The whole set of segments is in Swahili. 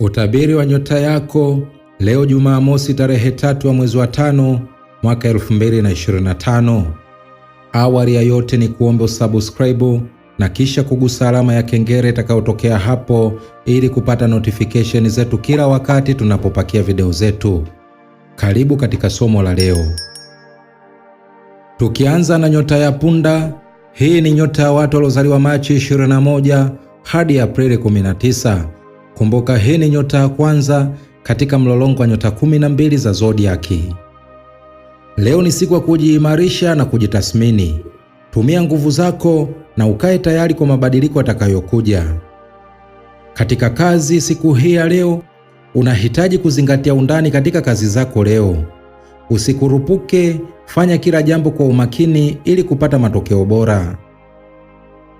Utabiri wa nyota yako leo Jumamosi tarehe tatu ya mwezi wa tano mwaka 2025. Awali ya yote ni kuombe usubscribe na kisha kugusa alama ya kengele itakayotokea hapo ili kupata notification zetu kila wakati tunapopakia video zetu. Karibu katika somo la leo. Tukianza na nyota ya punda, hii ni nyota ya watu waliozaliwa Machi 21 hadi Aprili 19. Kumbuka hii ni nyota ya kwanza katika mlolongo wa nyota kumi na mbili za zodiaki. Leo ni siku ya kujiimarisha na kujitathmini. Tumia nguvu zako na ukae tayari kwa mabadiliko yatakayokuja. Katika kazi siku hii ya leo, unahitaji kuzingatia undani katika kazi zako leo. Usikurupuke, fanya kila jambo kwa umakini ili kupata matokeo bora.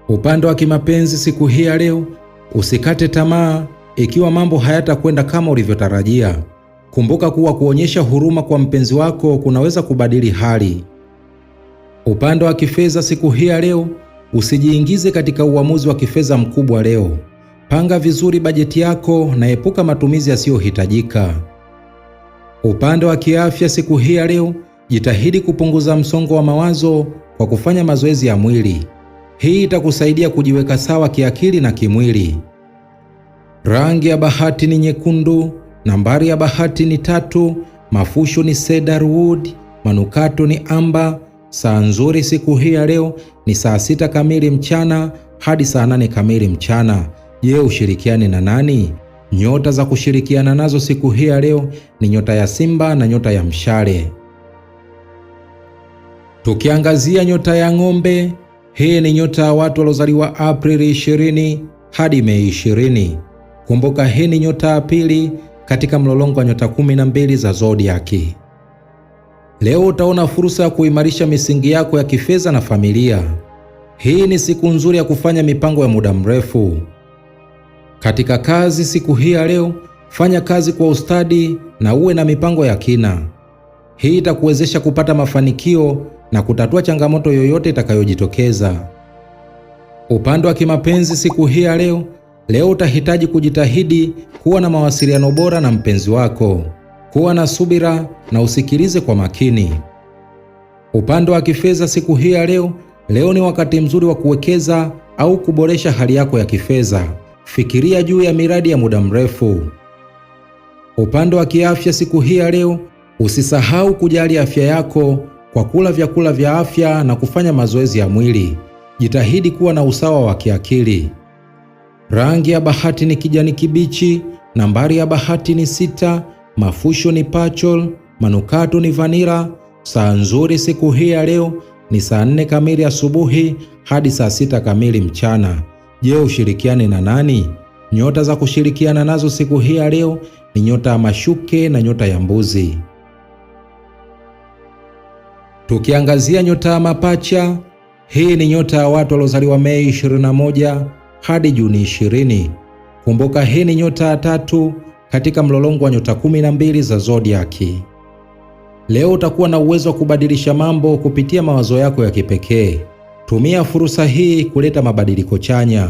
Upande wa kimapenzi siku hii ya leo, usikate tamaa ikiwa mambo hayatakwenda kama ulivyotarajia. Kumbuka kuwa kuonyesha huruma kwa mpenzi wako kunaweza kubadili hali. Upande wa kifedha siku hii ya leo, usijiingize katika uamuzi wa kifedha mkubwa leo. Panga vizuri bajeti yako na epuka matumizi yasiyohitajika. Upande wa kiafya siku hii ya leo, jitahidi kupunguza msongo wa mawazo kwa kufanya mazoezi ya mwili. Hii itakusaidia kujiweka sawa kiakili na kimwili. Rangi ya bahati ni nyekundu, nambari ya bahati ni tatu, mafusho ni cedarwood. wood, manukato ni amba. Saa nzuri siku hii ya leo ni saa sita kamili mchana hadi saa nane kamili mchana. Je, ushirikiane na nani? Nyota za kushirikiana nazo siku hii ya leo ni nyota ya Simba na nyota ya Mshale. Tukiangazia nyota ya Ng'ombe, hii ni nyota ya watu waliozaliwa Aprili 20 hadi Mei 20. Kumbuka hii ni nyota ya pili katika mlolongo wa nyota kumi na mbili za zodiaki. Leo utaona fursa ya kuimarisha misingi yako ya kifedha na familia. Hii ni siku nzuri ya kufanya mipango ya muda mrefu. Katika kazi siku hii ya leo, fanya kazi kwa ustadi na uwe na mipango ya kina. Hii itakuwezesha kupata mafanikio na kutatua changamoto yoyote itakayojitokeza. Upande wa kimapenzi siku hii ya leo, Leo utahitaji kujitahidi kuwa na mawasiliano bora na mpenzi wako. Kuwa na subira na usikilize kwa makini. Upande wa kifedha siku hii ya leo, leo ni wakati mzuri wa kuwekeza au kuboresha hali yako ya kifedha. Fikiria juu ya miradi ya muda mrefu. Upande wa kiafya siku hii ya leo, usisahau kujali afya yako kwa kula vyakula vya afya na kufanya mazoezi ya mwili. Jitahidi kuwa na usawa wa kiakili. Rangi ya bahati ni kijani kibichi, nambari ya bahati ni sita, mafusho ni pachol, manukato ni vanira. Saa nzuri siku hii ya leo ni saa nne kamili asubuhi hadi saa sita kamili mchana. Je, ushirikiane na nani? Nyota za kushirikiana nazo siku hii ya leo ni nyota ya mashuke na nyota ya mbuzi. Tukiangazia nyota ya mapacha, hii ni nyota ya watu waliozaliwa Mei 21 hadi Juni 20. Kumbuka hii ni nyota ya tatu katika mlolongo wa nyota 12 za zodiaki. Leo utakuwa na uwezo wa kubadilisha mambo kupitia mawazo yako ya kipekee. Tumia fursa hii kuleta mabadiliko chanya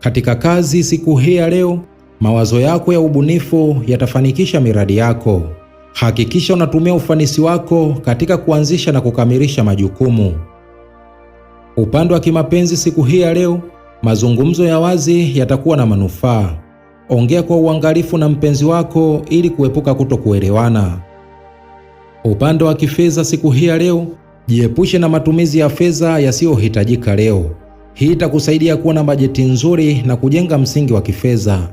katika kazi. Siku hii ya leo, mawazo yako ya ubunifu yatafanikisha miradi yako. Hakikisha unatumia ufanisi wako katika kuanzisha na kukamilisha majukumu. Upande wa kimapenzi, siku hii ya leo, Mazungumzo ya wazi yatakuwa na manufaa. Ongea kwa uangalifu na mpenzi wako ili kuepuka kutokuelewana. Upande wa kifedha siku hii ya leo, jiepushe na matumizi ya fedha yasiyohitajika leo. Hii itakusaidia kuwa na bajeti nzuri na kujenga msingi wa kifedha.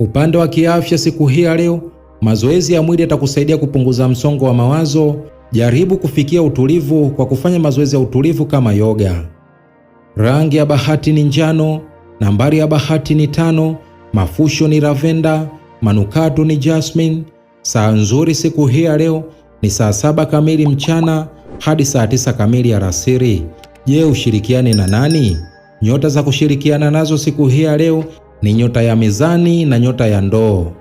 Upande wa kiafya siku hii ya leo, mazoezi ya mwili yatakusaidia kupunguza msongo wa mawazo. Jaribu kufikia utulivu kwa kufanya mazoezi ya utulivu kama yoga. Rangi ya bahati ni njano, nambari ya bahati ni tano, mafusho ni lavenda, manukato ni jasmine. Saa nzuri siku hii ya leo ni saa saba kamili mchana hadi saa tisa kamili alasiri. Je, ushirikiane na nani? Nyota za kushirikiana nazo siku hii ya leo ni nyota ya mezani na nyota ya ndoo.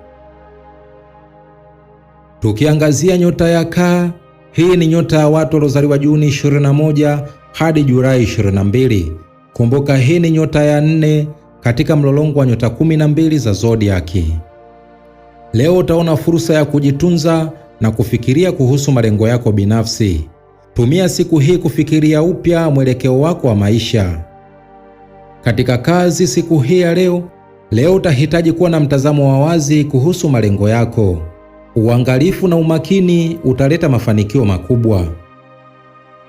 Tukiangazia nyota ya kaa, hii ni nyota ya watu waliozaliwa Juni 21 hadi Julai 22. Kumbuka hii ni nyota ya nne katika mlolongo wa nyota 12 za zodiaki. Leo utaona fursa ya kujitunza na kufikiria kuhusu malengo yako binafsi. Tumia siku hii kufikiria upya mwelekeo wako wa maisha. Katika kazi siku hii ya leo, leo utahitaji kuwa na mtazamo wa wazi kuhusu malengo yako. Uangalifu na umakini utaleta mafanikio makubwa.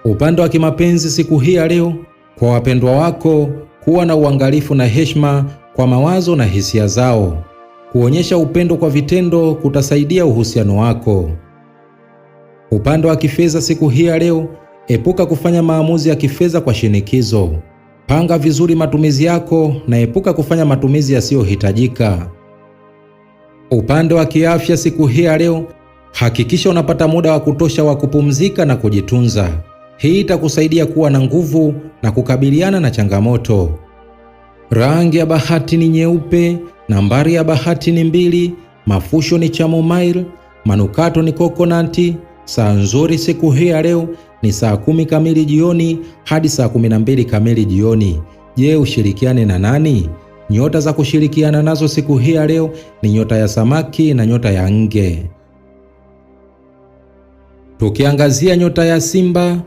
Upande wa kimapenzi siku hii ya leo, kwa wapendwa wako, kuwa na uangalifu na heshima kwa mawazo na hisia zao. Kuonyesha upendo kwa vitendo kutasaidia uhusiano wako. Upande wa kifedha siku hii ya leo, epuka kufanya maamuzi ya kifedha kwa shinikizo. Panga vizuri matumizi yako na epuka kufanya matumizi yasiyohitajika. Upande wa kiafya siku hii ya leo, hakikisha unapata muda wa kutosha wa kupumzika na kujitunza. Hii itakusaidia kuwa na nguvu na kukabiliana na changamoto. Rangi ya bahati ni nyeupe, nambari ya bahati ni mbili, mafusho ni chamomile, manukato ni kokonati. Saa nzuri siku hii ya leo ni saa kumi kamili jioni hadi saa kumi na mbili kamili jioni. Je, ushirikiane na nani? Nyota za kushirikiana nazo siku hii ya leo ni nyota ya samaki na nyota ya nge. Tukiangazia nyota ya Simba,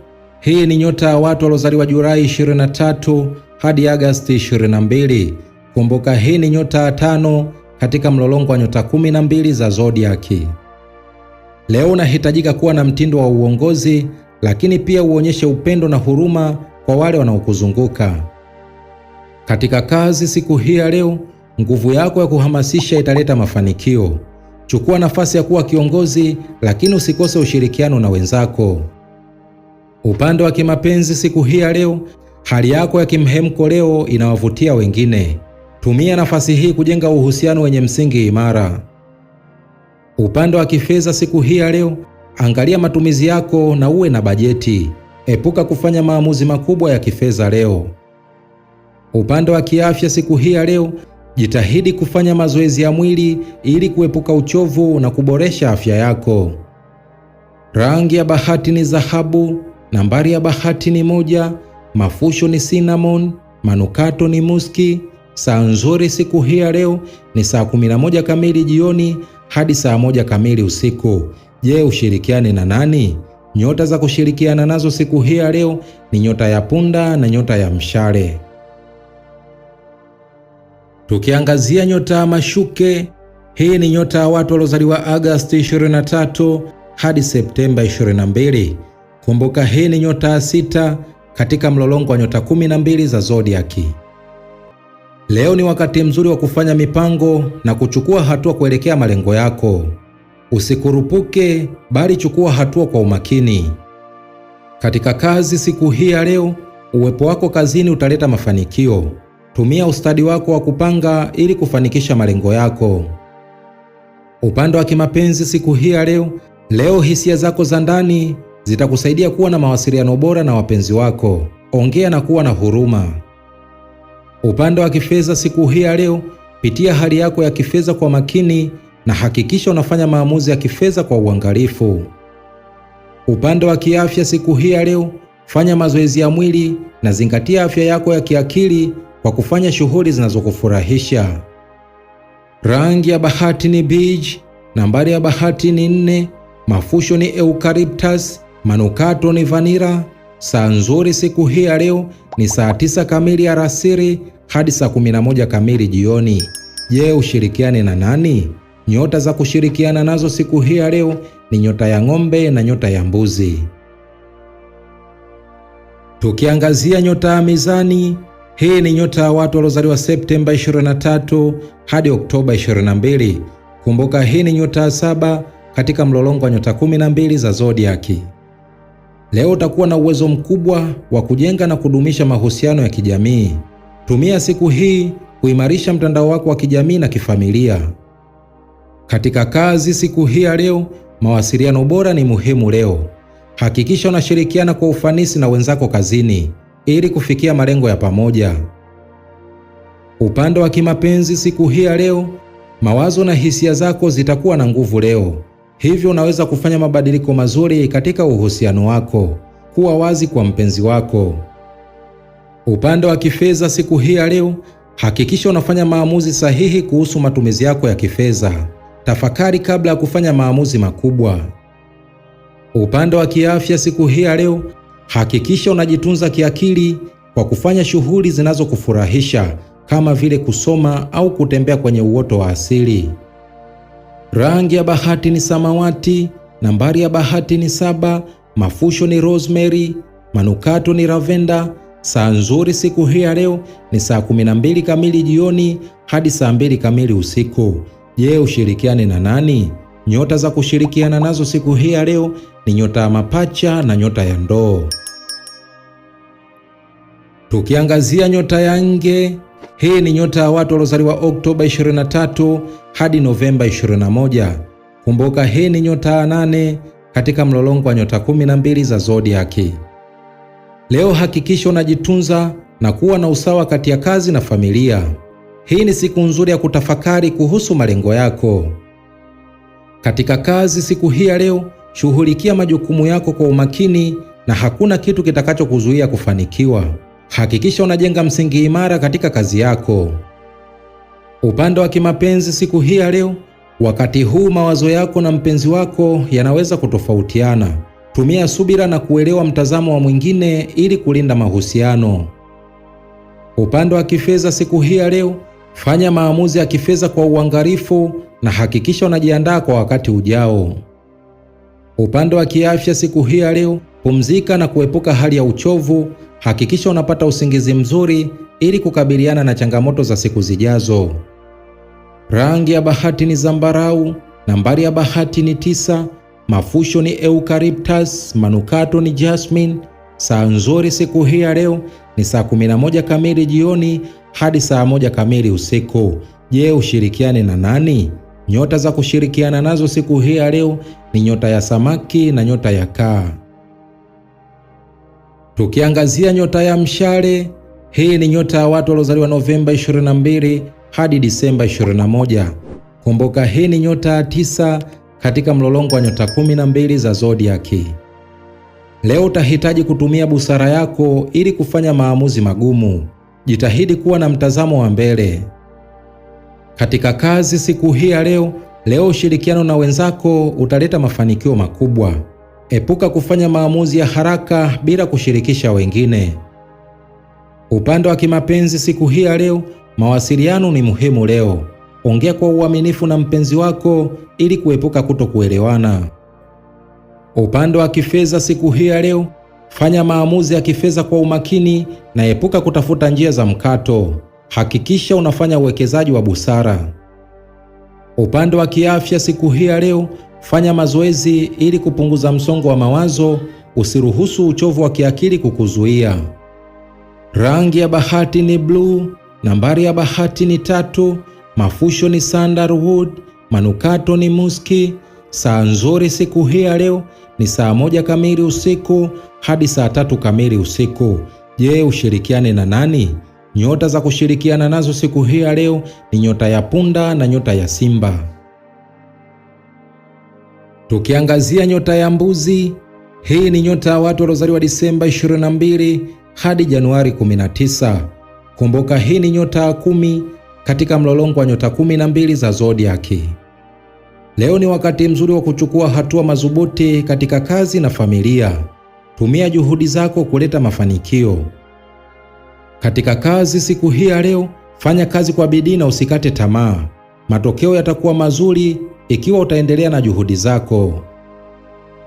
hii ni nyota ya watu waliozaliwa Julai 23 hadi Agasti 22. Kumbuka, hii ni nyota ya tano katika mlolongo wa nyota 12 za zodiaki. Leo unahitajika kuwa na mtindo wa uongozi, lakini pia uonyeshe upendo na huruma kwa wale wanaokuzunguka. Katika kazi siku hii ya leo, nguvu yako ya kuhamasisha italeta mafanikio. Chukua nafasi ya kuwa kiongozi, lakini usikose ushirikiano na wenzako. Upande wa kimapenzi siku hii ya leo, hali yako ya kimhemko leo inawavutia wengine. Tumia nafasi hii kujenga uhusiano wenye msingi imara. Upande wa kifedha siku hii ya leo, angalia matumizi yako na uwe na bajeti. Epuka kufanya maamuzi makubwa ya kifedha leo. Upande wa kiafya siku hii ya leo, jitahidi kufanya mazoezi ya mwili ili kuepuka uchovu na kuboresha afya yako. Rangi ya bahati ni dhahabu. Nambari ya bahati ni moja, mafusho ni cinnamon, manukato ni muski. Saa nzuri siku hii ya leo ni saa 11 kamili jioni hadi saa moja kamili usiku. Je, ushirikiane na nani? Nyota za kushirikiana nazo siku hii ya leo ni nyota ya punda na nyota ya mshale. Tukiangazia nyota ya mashuke, hii ni nyota ya watu waliozaliwa Agasti 23 hadi Septemba 22. Kumbuka hii ni nyota sita katika mlolongo wa nyota kumi na mbili za zodiaki. Leo ni wakati mzuri wa kufanya mipango na kuchukua hatua kuelekea malengo yako. Usikurupuke bali chukua hatua kwa umakini. Katika kazi siku hii ya leo, uwepo wako kazini utaleta mafanikio. Tumia ustadi wako wa kupanga ili kufanikisha malengo yako. Upande wa kimapenzi siku hii ya leo, leo hisia zako za ndani zitakusaidia kuwa na mawasiliano bora na wapenzi wako. Ongea na kuwa na huruma. Upande wa kifedha siku hii ya leo, pitia hali yako ya kifedha kwa makini na hakikisha unafanya maamuzi ya kifedha kwa uangalifu. Upande wa kiafya siku hii ya leo, fanya mazoezi ya mwili na zingatia afya yako ya kiakili kwa kufanya shughuli zinazokufurahisha. Rangi ya bahati ni beige, nambari ya bahati ni nne, mafusho ni eucalyptus, Manukato ni vanira. Saa nzuri siku hii ya leo ni saa tisa kamili alasiri hadi saa 11 kamili jioni. Je, ushirikiane na nani? Nyota za kushirikiana nazo siku hii ya leo ni nyota ya ng'ombe na nyota ya mbuzi. Tukiangazia nyota ya mizani, hii ni nyota ya watu waliozaliwa Septemba 23 hadi Oktoba 22. Kumbuka, hii ni nyota ya saba katika mlolongo wa nyota 12 za zodiaki. Leo utakuwa na uwezo mkubwa wa kujenga na kudumisha mahusiano ya kijamii. Tumia siku hii kuimarisha mtandao wako wa kijamii na kifamilia. Katika kazi siku hii ya leo, mawasiliano bora ni muhimu leo. Hakikisha unashirikiana kwa ufanisi na wenzako kazini ili kufikia malengo ya pamoja. Upande wa kimapenzi siku hii ya leo, mawazo na hisia zako zitakuwa na nguvu leo. Hivyo unaweza kufanya mabadiliko mazuri katika uhusiano wako. Kuwa wazi kwa mpenzi wako. Upande wa kifedha siku hii ya leo, hakikisha unafanya maamuzi sahihi kuhusu matumizi yako ya kifedha. Tafakari kabla ya kufanya maamuzi makubwa. Upande wa kiafya siku hii ya leo, hakikisha unajitunza kiakili kwa kufanya shughuli zinazokufurahisha kama vile kusoma au kutembea kwenye uoto wa asili. Rangi ya bahati ni samawati, nambari ya bahati ni saba, mafusho ni rosemary, manukato ni lavenda. Saa nzuri siku hii ya leo ni saa 12 kamili jioni hadi saa 2 kamili usiku. Je, ushirikiane na nani? Nyota za kushirikiana nazo siku hii ya leo ni nyota ya mapacha na nyota ya ndoo. Tukiangazia nyota ya nge, hii ni nyota ya watu waliozaliwa Oktoba 23 hadi Novemba 21. Kumbuka hii ni nyota ya nane katika mlolongo wa nyota 12 za zodiaki. Leo hakikisha unajitunza na kuwa na usawa kati ya kazi na familia. Hii ni siku nzuri ya kutafakari kuhusu malengo yako. Katika kazi siku hii ya leo, shughulikia majukumu yako kwa umakini na hakuna kitu kitakachokuzuia kufanikiwa. Hakikisha unajenga msingi imara katika kazi yako. Upande wa kimapenzi siku hii ya leo, wakati huu mawazo yako na mpenzi wako yanaweza kutofautiana. Tumia subira na kuelewa mtazamo wa mwingine ili kulinda mahusiano. Upande wa kifedha siku hii ya leo, fanya maamuzi ya kifedha kwa uangalifu na hakikisha unajiandaa kwa wakati ujao. Upande wa kiafya siku hii ya leo, pumzika na kuepuka hali ya uchovu Hakikisha unapata usingizi mzuri ili kukabiliana na changamoto za siku zijazo. Rangi ya bahati ni zambarau. Nambari ya bahati ni tisa. Mafusho ni eucalyptus. Manukato ni jasmine. Saa nzuri siku hii ya leo ni saa 11 kamili jioni hadi saa moja kamili usiku. Je, ushirikiane na nani? Nyota za kushirikiana nazo siku hii ya leo ni nyota ya samaki na nyota ya kaa. Tukiangazia nyota ya mshale, hii ni nyota ya watu waliozaliwa Novemba 22 hadi Disemba 21. Kumbuka, hii ni nyota ya tisa katika mlolongo wa nyota 12 za zodiaki. Leo utahitaji kutumia busara yako ili kufanya maamuzi magumu. Jitahidi kuwa na mtazamo wa mbele katika kazi siku hii ya leo. Leo ushirikiano na wenzako utaleta mafanikio makubwa. Epuka kufanya maamuzi ya haraka bila kushirikisha wengine. Upande wa kimapenzi siku hii ya leo, mawasiliano ni muhimu leo. Ongea kwa uaminifu na mpenzi wako ili kuepuka kutokuelewana. Upande wa kifedha siku hii ya leo, fanya maamuzi ya kifedha kwa umakini na epuka kutafuta njia za mkato. Hakikisha unafanya uwekezaji wa busara. Upande wa kiafya siku hii ya leo, Fanya mazoezi ili kupunguza msongo wa mawazo. Usiruhusu uchovu wa kiakili kukuzuia. Rangi ya bahati ni bluu. Nambari ya bahati ni tatu. Mafusho ni sandalwood. Manukato ni muski. Saa nzuri siku hii ya leo ni saa moja kamili usiku hadi saa tatu kamili usiku. Je, ushirikiane na nani? Nyota za kushirikiana nazo siku hii ya leo ni nyota ya punda na nyota ya simba. Tukiangazia nyota ya mbuzi, hii ni nyota ya watu waliozaliwa Disemba 22 hadi Januari 19. Kumbuka hii ni nyota ya kumi katika mlolongo wa nyota 12 za zodiaki. Leo ni wakati mzuri wa kuchukua hatua madhubuti katika kazi na familia. Tumia juhudi zako kuleta mafanikio katika kazi. Siku hii ya leo, fanya kazi kwa bidii na usikate tamaa. Matokeo yatakuwa mazuri ikiwa utaendelea na juhudi zako.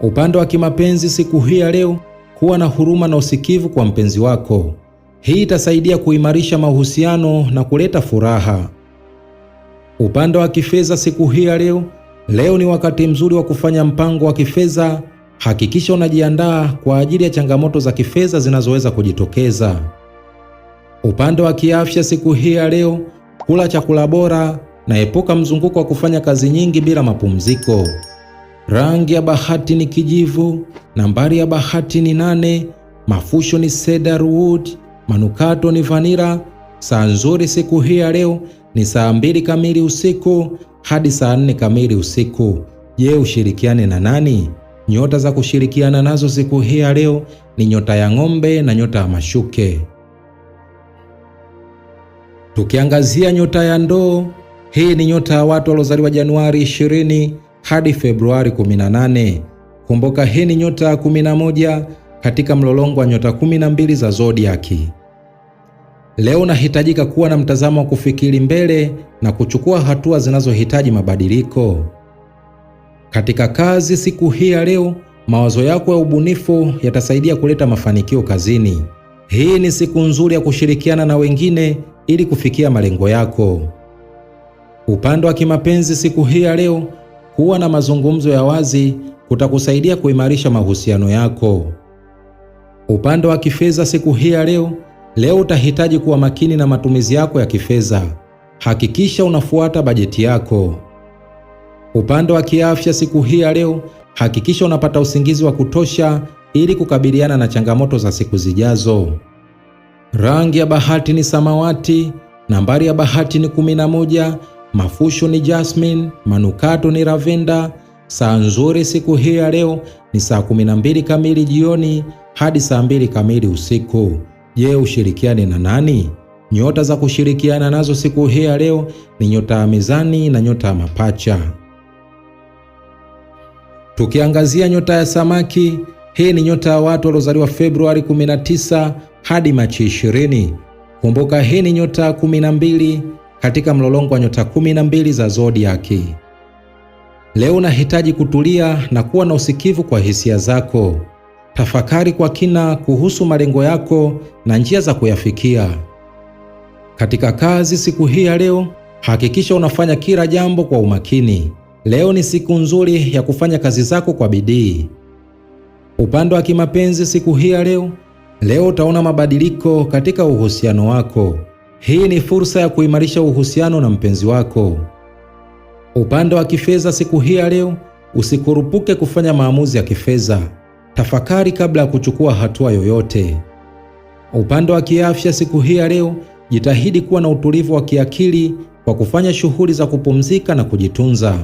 Upande wa kimapenzi, siku hii ya leo, kuwa na huruma na usikivu kwa mpenzi wako. Hii itasaidia kuimarisha mahusiano na kuleta furaha. Upande wa kifedha, siku hii ya leo, leo ni wakati mzuri wa kufanya mpango wa kifedha. Hakikisha unajiandaa kwa ajili ya changamoto za kifedha zinazoweza kujitokeza. Upande wa kiafya, siku hii ya leo, kula chakula bora na epuka mzunguko wa kufanya kazi nyingi bila mapumziko. Rangi ya bahati ni kijivu, nambari ya bahati ni nane, mafusho ni cedarwood. manukato ni vanira. Saa nzuri siku hii ya leo ni saa mbili kamili usiku hadi saa nne kamili usiku. Je, ushirikiane na nani? Nyota za kushirikiana nazo siku hii ya leo ni nyota ya ng'ombe na nyota ya mashuke. Tukiangazia nyota ya ndoo, hii ni nyota ya watu waliozaliwa Januari 20 hadi Februari 18. Kumbuka hii ni nyota ya 11 katika mlolongo wa nyota 12 za zodiaki. Leo unahitajika kuwa na mtazamo wa kufikiri mbele na kuchukua hatua zinazohitaji mabadiliko. Katika kazi siku hii ya leo, mawazo yako ya ubunifu yatasaidia kuleta mafanikio kazini. Hii ni siku nzuri ya kushirikiana na wengine ili kufikia malengo yako. Upande wa kimapenzi siku hii ya leo, kuwa na mazungumzo ya wazi kutakusaidia kuimarisha mahusiano yako. Upande wa kifedha siku hii ya leo, leo utahitaji kuwa makini na matumizi yako ya kifedha. Hakikisha unafuata bajeti yako. Upande wa kiafya siku hii ya leo, hakikisha unapata usingizi wa kutosha ili kukabiliana na changamoto za siku zijazo. Rangi ya bahati ni samawati. Nambari ya bahati ni moja mafusho ni jasmine, manukato ni ravenda Saa nzuri siku hii ya leo ni saa 12 kamili jioni hadi saa 2 kamili usiku. Je, ushirikiane na nani? Nyota za kushirikiana nazo siku hii ya leo ni nyota ya mizani na nyota ya mapacha. Tukiangazia nyota ya samaki, hii ni nyota ya watu waliozaliwa Februari 19 hadi Machi 20. Kumbuka hii ni nyota ya 12 katika mlolongo wa nyota 12 za zodiaki. Leo unahitaji kutulia na kuwa na usikivu kwa hisia zako. Tafakari kwa kina kuhusu malengo yako na njia za kuyafikia. Katika kazi siku hii ya leo, hakikisha unafanya kila jambo kwa umakini. Leo ni siku nzuri ya kufanya kazi zako kwa bidii. Upande wa kimapenzi siku hii ya leo, leo utaona mabadiliko katika uhusiano wako. Hii ni fursa ya kuimarisha uhusiano na mpenzi wako. Upande wa kifedha siku hii ya leo, usikurupuke kufanya maamuzi ya kifedha. Tafakari kabla ya kuchukua hatua yoyote. Upande wa kiafya siku hii ya leo, jitahidi kuwa na utulivu wa kiakili kwa kufanya shughuli za kupumzika na kujitunza.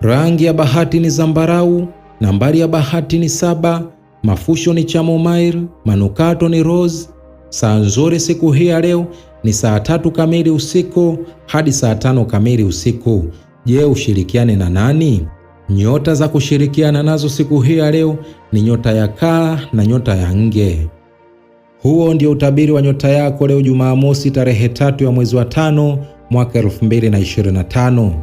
Rangi ya bahati ni zambarau, nambari ya bahati ni saba, mafusho ni chamomile, manukato ni rose, Saa nzuri siku hii ya leo ni saa tatu kamili usiku hadi saa tano kamili usiku. Je, ushirikiane na nani? Nyota za kushirikiana nazo siku hii ya leo ni nyota ya kaa na nyota ya nge. Huo ndio utabiri wa nyota yako leo Jumamosi tarehe tatu ya mwezi wa tano mwaka tano